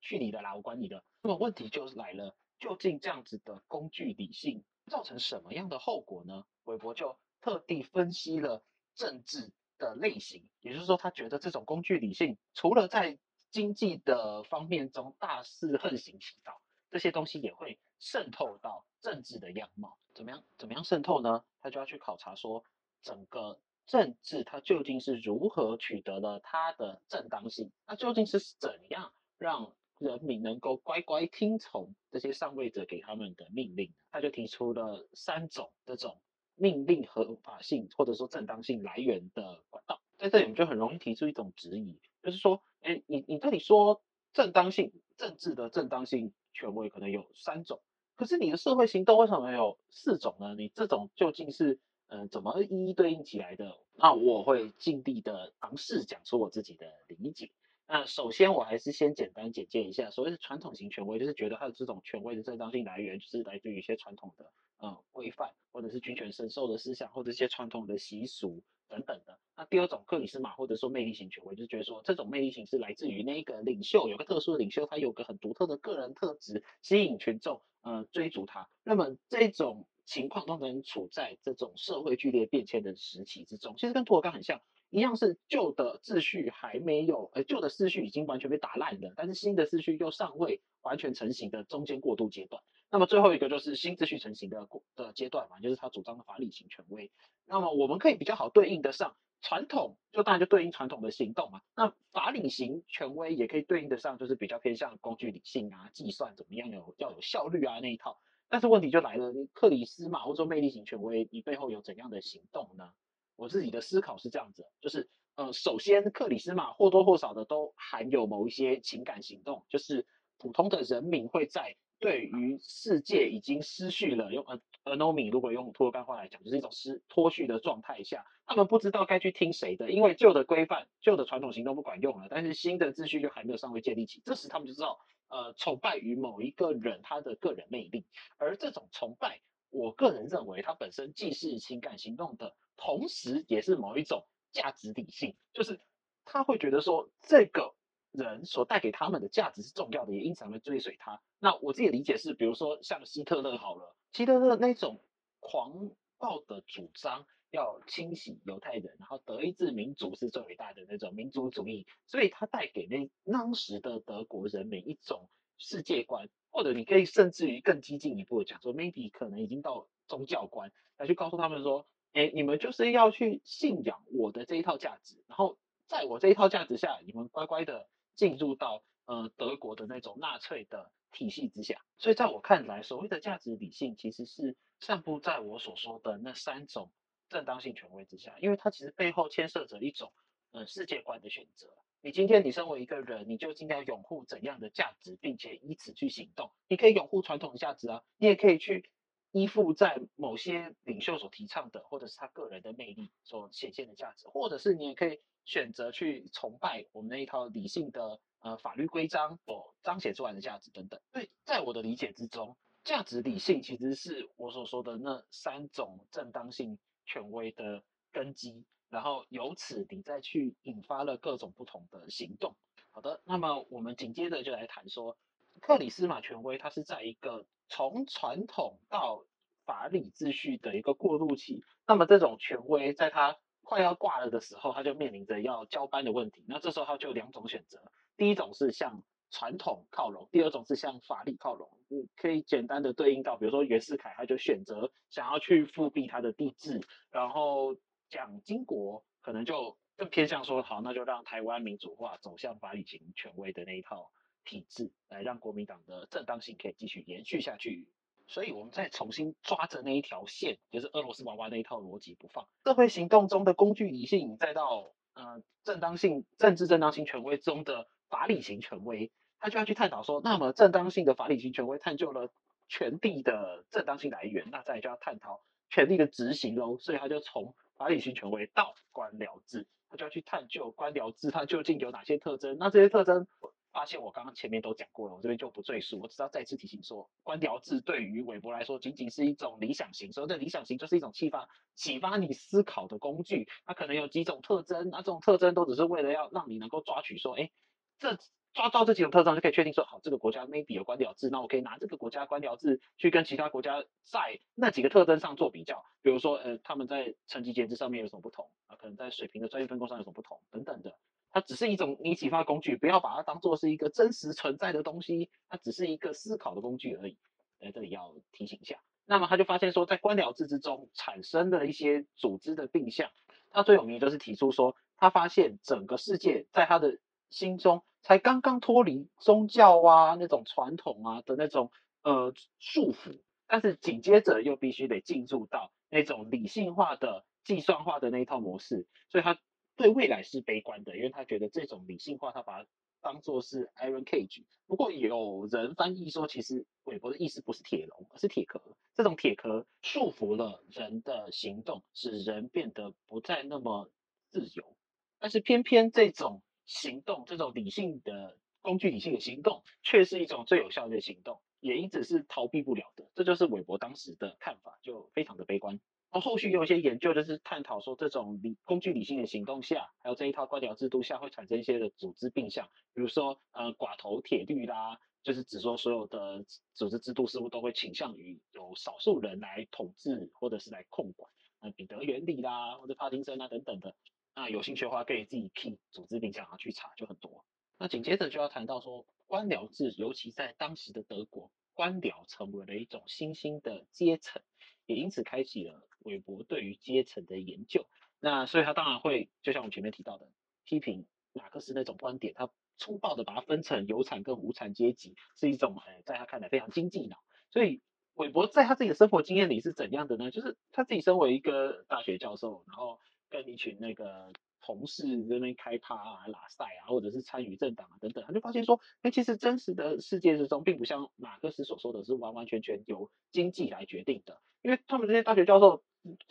去你的啦，我管你的。那麼問題就來了，究竟這樣子的工具理性造成什麼樣的後果呢？韋伯就特地分析了政治。的類型，也就是說，他覺得這種工具理性除了在經濟的方面中大肆橫行其道，這些東西也會滲透到政治的樣貌。怎麼樣？怎麼樣滲透呢？他就要去考察說，整個政治它究竟是如何取得了它的正當性？那究竟是怎樣讓人民能夠乖乖聽從這些上位者給他們的命令？他就提出了三種這種。命令合法性或者說正當性來源的管道，在這裡我們就很容易提出一種質疑，就是說，哎，你你這裡說正當性政治的正當性權威可能有三種，可是你的社會行動為什麼有四種呢？你這種究竟是嗯、呃、怎麼一一對應起來的？那我會盡力的嘗試講出我自己的理解。那首先我還是先簡單簡介一下所謂的傳統型權威，就是覺得它的這種權威的正當性來源就是來自於一些傳統的。呃，規範或者是君權神授的思想，或者一些傳統的習俗等等的。那第二種，克里斯瑪或者說魅力型權威，就覺得說這種魅力型是來自於那個領袖，有個特殊的領袖，他有個很獨特的個人特質，吸引群眾，呃，追逐他。那麼這種情況都能處在這種社會劇烈變遷的時期之中，其實跟涂爾幹很像，一樣是舊的秩序還沒有，呃、欸，舊的秩序已經完全被打爛了，但是新的秩序又尚未完全成型的中間過渡階段。那麼最後一個就是新秩序成型的的階段嘛，就是他主張的法理型權威。那麼我們可以比較好對應得上傳統，就當然就對應傳統的行動嘛。那法理型權威也可以對應得上，就是比較偏向工具理性啊、計算怎麼樣有要有效率啊那一套。但是問題就來了，你克里斯瑪，或是魅力型權威，你背後有怎樣的行動呢？我自己的思考是這樣子，就是呃，首先，克里斯瑪或多或少的都含有某一些情感行動，就是普通的人民會在對於世界已經失去了、嗯、用呃 anomie、嗯、如果用涂爾幹話來講，就是一種失脫序的狀態下，他們不知道該去聽誰的，因為舊的規範、舊的傳統行動不管用了，但是新的秩序就還沒有尚未建立起，這時他們就知道呃，崇拜於某一個人他的個人魅力，而這種崇拜，我個人認為它本身既是情感行動的。同時，也是某一種價值理性，就是他會覺得說，這個人所帶給他們的價值是重要的，也因此會追隨他。那我自己理解的是，比如說像希特勒好了，希特勒那種狂暴的主張，要清洗猶太人，然後德意志民族是最偉大的那種民族主義，所以他帶給那當時的德國人每一種世界觀，或者你可以甚至於更激進一步的講說，maybe 可能已經到宗教觀來去告訴他們說。哎、欸，你們就是要去信仰我的這一套價值，然後在我這一套價值下，你們乖乖的進入到呃德國的那種納粹的體系之下。所以在我看來，所謂的價值理性其實是散布在我所說的那三種正當性權威之下，因為它其實背後牽涉着一種呃世界觀的選擇。你今天你身為一個人，你究竟要擁護怎樣的價值，並且以此去行動。你可以擁護傳統價值啊，你也可以去。依附在某些領袖所提倡的，或者是他個人的魅力所顯現的價值，或者是你也可以選擇去崇拜我們那一套理性的呃法律規章所彰顯出來的價值等等。所以在我的理解之中，價值理性其實是我所說的那三種正當性權威的根基，然後由此你再去引發了各種不同的行動。好的，那麼我們緊接着就來談說。克里斯瑪權威，它是在一個從傳統到法理秩序的一個過渡期。那麼這種權威，在它快要掛了的時候，它就面臨着要交班的問題。那這時候它就有兩種選擇：第一種是向傳統靠攏，第二種是向法理靠攏。你可以簡單的對應到，比如說袁世凱，他就選擇想要去復辟他的帝制；然後蔣經國可能就更偏向說，好，那就讓台灣民主化走向法理型權威的那一套。體制來讓國民黨的正當性可以繼續延續下去，所以我們再重新抓着那一條線，就是俄羅斯娃娃那一套邏輯不放。社會行動中的工具理性，再到呃正當性、政治正當性、權威中的法理型權威，他就要去探討說，那麼正當性的法理型權威探究了權力的正當性來源，那再來就要探討權力的執行咯，所以他就從法理型權威到官僚制，他就要去探究官僚制它究竟有哪些特徵？那這些特徵。發現我剛剛前面都講過了，我這邊就不贅述。我只要再次提醒說，官僚制對於韋伯來說，僅僅是一種理想型。所謂的理想型，就是一種啟發、啟發你思考的工具。它可能有幾種特徵，那這種特徵都只是為了要讓你能夠抓取說，哎，這抓到這幾種特徵就可以確定說，好，這個國家 maybe 有官僚制。那我可以拿這個國家官僚制去跟其他國家在那幾個特徵上做比較。比如說，呃，他們在層級節制上面有什麼不同啊？可能在水平的專業分工上有什麼不同等等的。它只是一種你啟發工具，不要把它當作是一個真實存在的東西，它只是一個思考的工具而已。在這裡要提醒一下。那麼他就發現說，在官僚制之中產生了一些組織的病象，他最有名就是提出說，他發現整個世界在他的心中才剛剛脫離宗教啊那種傳統啊的那種呃束縛，但是緊接着又必須得進入到那種理性化的、計算化的那一套模式，所以他。對未來是悲觀的，因為他覺得這種理性化，他把它當作是 Iron Cage。不過有人翻譯說，其實韋伯的意思不是鐵籠，而是鐵殼。這種鐵殼束縛了人的行動，使人變得不再那麼自由。但是偏偏這種行動，這種理性的，工具理性的行動，卻是一種最有效的行動，也一直是逃避不了的。這就是韋伯當時的看法，就非常的悲觀。然後後續有一些研究，就是探討說，這種理工具理性的行動下，還有這一套官僚制度下，會產生一些的組織病象，比如說呃寡頭鐵律啦，就是指說所有的組織制度似乎都會傾向於有少數人來統治或者是來控管，啊彼得原理啦，或者帕金森啊等等的。那有興趣的話，可以自己去組織病象然後、啊、去查就很多。那緊接着就要談到說，官僚制尤其在當時的德國，官僚成為了一種新興的階層，也因此開啟了。韋伯對於階層的研究，那所以他當然會，就像我們前面提到的，批評馬克思那種觀點，他粗暴地把它分成有產跟無產階級，是一種呃在他看來非常經濟的。所以韋伯在他自己的生活經驗裡是怎樣的呢？就是他自己身為一個大學教授，然後跟一群那個同事在那邊開趴啊、拉賽啊，或者是參與政黨啊等等，他就發現說，哎、欸，其實真實的世界之中，並不像馬克思所說的是完完全全由經濟來決定的，因為他們這些大學教授。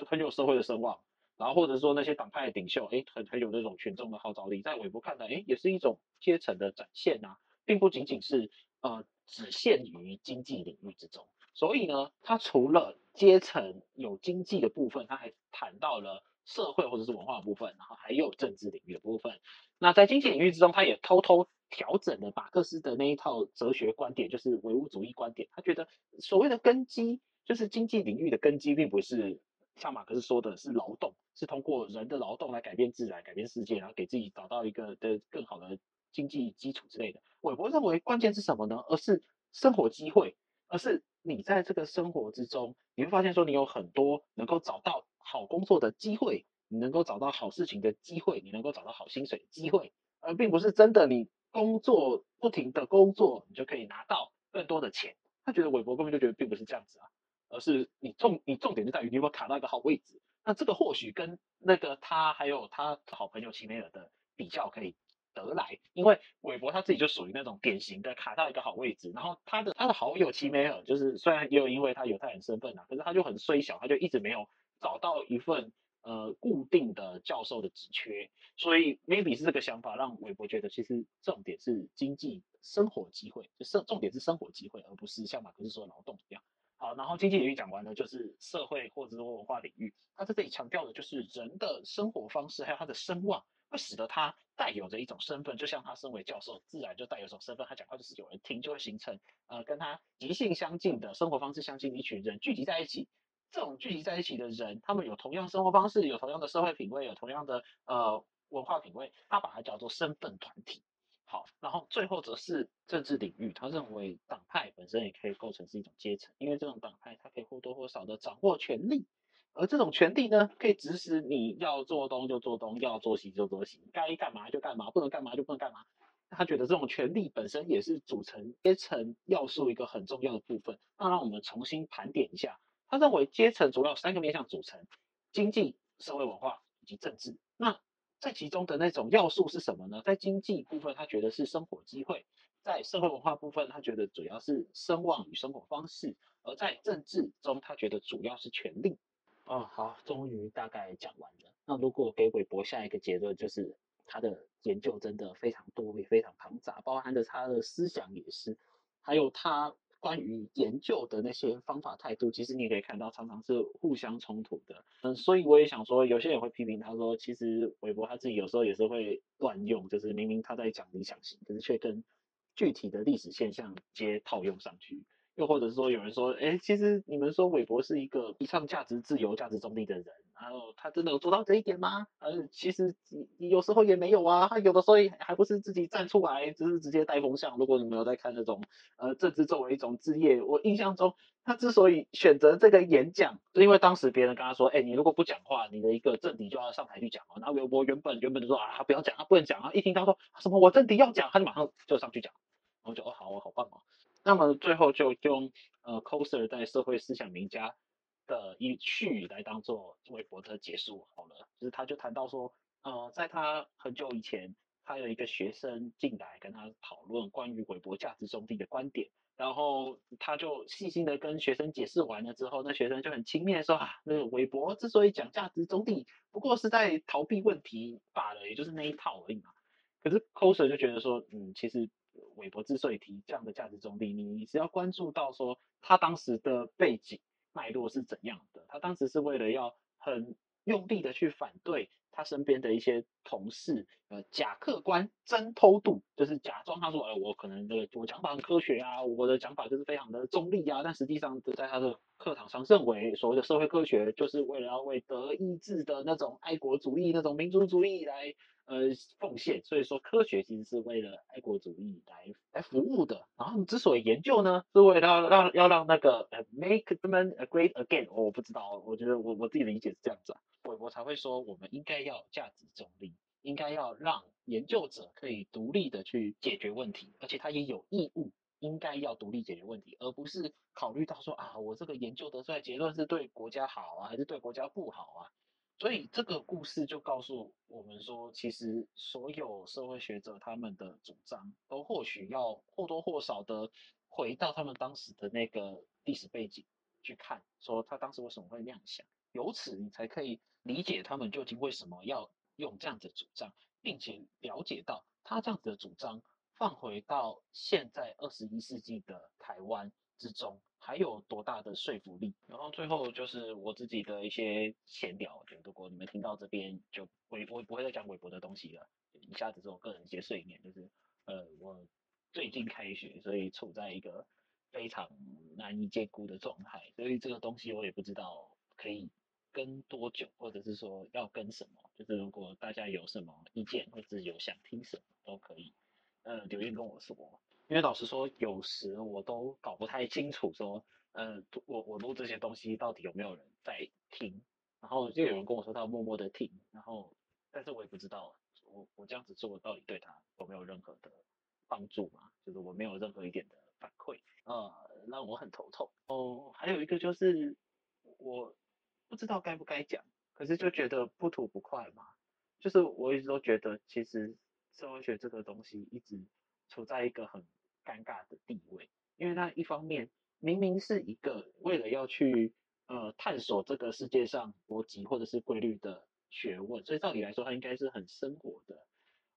很有社會的聲望，然後或者說那些黨派的領袖，誒很很有那種群眾的號召力，在韋伯看來，也是一種階層的展現啊，並不僅僅是呃只限於經濟領域之中。所以呢，他除了階層有經濟的部分，他還談到了社會或者是文化的部分，然後還有政治領域的部分。那在經濟領域之中，他也偷偷調整了馬克思的那一套哲學觀點，就是唯物主義觀點。他覺得所謂的根基，就是經濟領域的根基，並不是。像馬克思說的是勞動是通過人的勞動來改變自然、改變世界，然後給自己找到一個的更好的經濟基礎之類的。韋伯認為關鍵是什麼呢？而是生活機會，而是你在這個生活之中，你會發現說你有很多能夠找到好工作的機會，你能夠找到好事情的機會，你能夠找到好薪水的機會，而並不是真的你工作不停的工作，你就可以拿到更多的錢。他覺得韋伯根本就覺得並不是這樣子啊。而是你重你重點就在於你有沒有卡到一個好位置。那這個或許跟那個他還有他的好朋友齊美爾的比較可以得來，因為韋伯他自己就屬於那種典型的卡到一個好位置，然後他的他的好友齊美爾就是雖然也有因為他猶太人身份吶、啊，可是他就很衰小，他就一直沒有找到一份呃固定的教授的職缺，所以 maybe 是這個想法讓韋伯覺得其實重點是經濟生活機會，就生重點是生活機會，而不是像馬克思說的勞動一樣。好，然後經濟領域講完了，就是社會或者說文化領域，它在這裡強調的就是人的生活方式，還有他的聲望，會使得他帶有着一種身份，就像他身為教授，自然就帶有一種身份，他講話就是有人聽，就會形成呃跟他習性相近的生活方式相近的一群人聚集在一起，這種聚集在一起的人，他們有同樣生活方式，有同樣的社會品味，有同樣的呃文化品味，他把它叫做身份團體。好，然後最後則是政治領域，他認為黨派本身也可以構成是一種階層，因為這種黨派它可以或多或少的掌握權力，而這種權力呢，可以指使你要做東就做東，要做西就做西，該幹嘛就幹嘛，不能幹嘛就不能幹嘛。他覺得這種權力本身也是組成階層要素一個很重要的部分。那讓我們重新盤點一下，他認為階層主要有三個面向組成：經濟、社會、文化以及政治。那在其中的那種要素是什麼呢？在經濟部分，他覺得是生活機會；在社會文化部分，他覺得主要是聲望與生活方式；而在政治中，他覺得主要是權力。哦，好，終於大概講完了。那如果給韋伯下一個結論，就是他的研究真的非常多，也非常龐雜，包含着他的思想也是，還有他。關於研究的那些方法態度，其實你也可以看到，常常是互相衝突的。嗯，所以我也想說，有些人會批評他說，其實韋伯他自己有時候也是會亂用，就是明明他在講理想型，可是卻跟具體的歷史現象皆套用上去。又或者是說，有人說，哎，其實你們說韋伯是一個提倡價值自由、價值中立的人。然後他真的有做到這一點嗎？呃，其實有時候也沒有啊。他有的時候還不是自己站出來，就是直接帶風向。如果你們有在看這種呃政治作為一種職業，我印象中他之所以選擇這個演講，是因為當時別人跟他說：“哎，你如果不講話，你的一個政敵就要上台去講哦。”那韋伯原本原本就說啊，他不要講啊，他不能講啊。一聽到他說什麼我政敵要講，他就馬上就上去講。然後就哦好哦，好棒哦。那麼最後就用呃，Coser 在社會思想名家。的一句來當做韋伯的結束好了，就是他就談到說，呃，在他很久以前，他有一個學生進來跟他討論關於韋伯價值中立的觀點，然後他就細心的跟學生解釋完了之後，那學生就很輕蔑的說啊，那個韋伯之所以講價值中立，不過是在逃避問題罷了，也就是那一套而已嘛。可是寇瑟就覺得說，嗯，其實韋伯之所以提這樣的價值中立，你只要關注到說他當時的背景脈絡是怎樣的？他當時是為了要很用力的去反對他身邊的一些同事，呃，假客觀，真偷渡，就是假裝他說，欸，我可能的、這個，我講法很科學啊，我的講法就是非常的中立啊，但實際上在他的課堂上認為所謂的社會科學就是為了要為德意志的那種愛國主義、那種民族主義來。呃，奉獻，所以說科學其實是為了愛國主義來來服務的。然後，之所以研究呢，是為了讓要讓那個呃，uh，make the man agree again，哦。我不知道，我覺得我我自己的理解是這樣子啊。我我才會說，我們應該要價值中立，應該要讓研究者可以獨立的去解決問題，而且他也有義務應該要獨立解決問題，而不是考慮到說啊，我這個研究得出來結論是對國家好啊，還是對國家不好啊？所以這個故事就告訴我們說，其實所有社會學者他們的主張，都或許要或多或少的回到他們當時的那個歷史背景去看，說他當時為什麼會那樣想，由此你才可以理解他們究竟為什麼要用這樣子的主張，並且了解到他這樣子的主張放回到現在二十一世紀的台灣之中還有多大的說服力？然後最後就是我自己的一些閒聊，就如果你們聽到這邊就微，就我我不會再講韋伯的東西了。一下子是我個人一些碎念，就是呃，我最近開學，所以處在一個非常難以兼顧的狀態，所以這個東西我也不知道可以跟多久，或者是說要跟什麼。就是如果大家有什麼意見，或者是有想聽什麼都可以，呃，留言跟我說。因為老實說，有時我都搞不太清楚，說，呃，我我錄這些東西到底有沒有人在聽？然後就有人跟我說他默默地聽，然後，但是我也不知道，我我這樣子做到底對他有沒有任何的幫助嘛？就是我沒有任何一點的反饋，呃，讓我很頭痛。哦，還有一個就是，我不知道該不該講，可是就覺得不吐不快嘛。就是我一直都覺得，其實社會學這個東西一直處在一個很。尷尬的地位，因為它一方面明明是一個為了要去呃探索這個世界上邏輯或者是規律的學問，所以照理來說它應該是很生活的，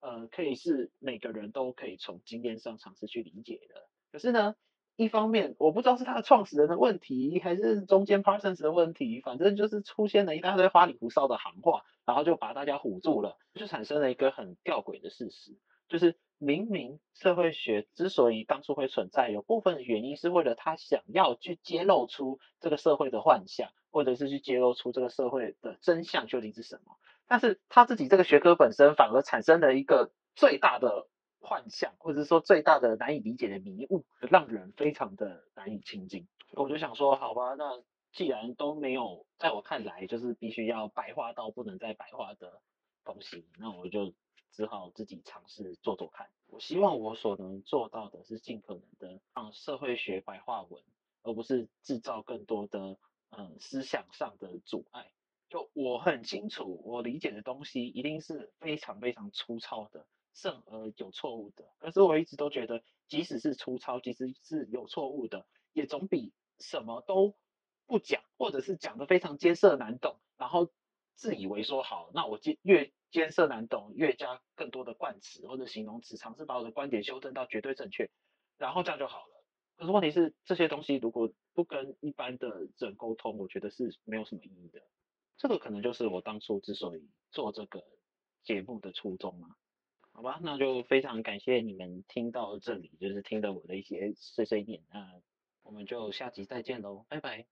呃，可以是每個人都可以從經驗上嘗試去理解的。可是呢，一方面我不知道是它的創始人的問題，還是中間 Parsons 的問題，反正就是出現了一大堆花裡胡哨的行話，然後就把大家唬住了，就產生了一個很吊詭的事實，就是。明明社會學之所以當初會存在，有部分原因是為了他想要去揭露出這個社會的幻象，或者是去揭露出這個社會的真相究竟是什麼。但是他自己這個學科本身反而產生了一個最大的幻象，或者是說最大的難以理解的迷霧，讓人非常的難以親近。我就想說，好吧，那既然都沒有，在我看來就是必須要白話到不能再白話的東西，那我就。只好自己嘗試做做看。我希望我所能做到的是盡可能的讓社會學白話文，而不是制造更多的嗯思想上的阻礙。就我很清楚，我理解的東西一定是非常非常粗糙的，甚而有錯誤的。可是我一直都覺得，即使是粗糙，即使是有錯誤的，也總比什麼都不講，或者是講得非常艱澀難懂，然後。自以為說好，那我就越艱澀難懂，越加更多的冠詞或者形容詞，嘗試把我的觀點修正到絕對正確，然後這樣就好了。可是問題是，這些東西如果不跟一般的人溝通，我覺得是沒有什麼意義的。這個可能就是我當初之所以做這個節目的初衷嘛？好吧，那就非常感謝你們聽到這裡，就是聽了我的一些碎碎念，那我們就下集再見嘍，拜拜。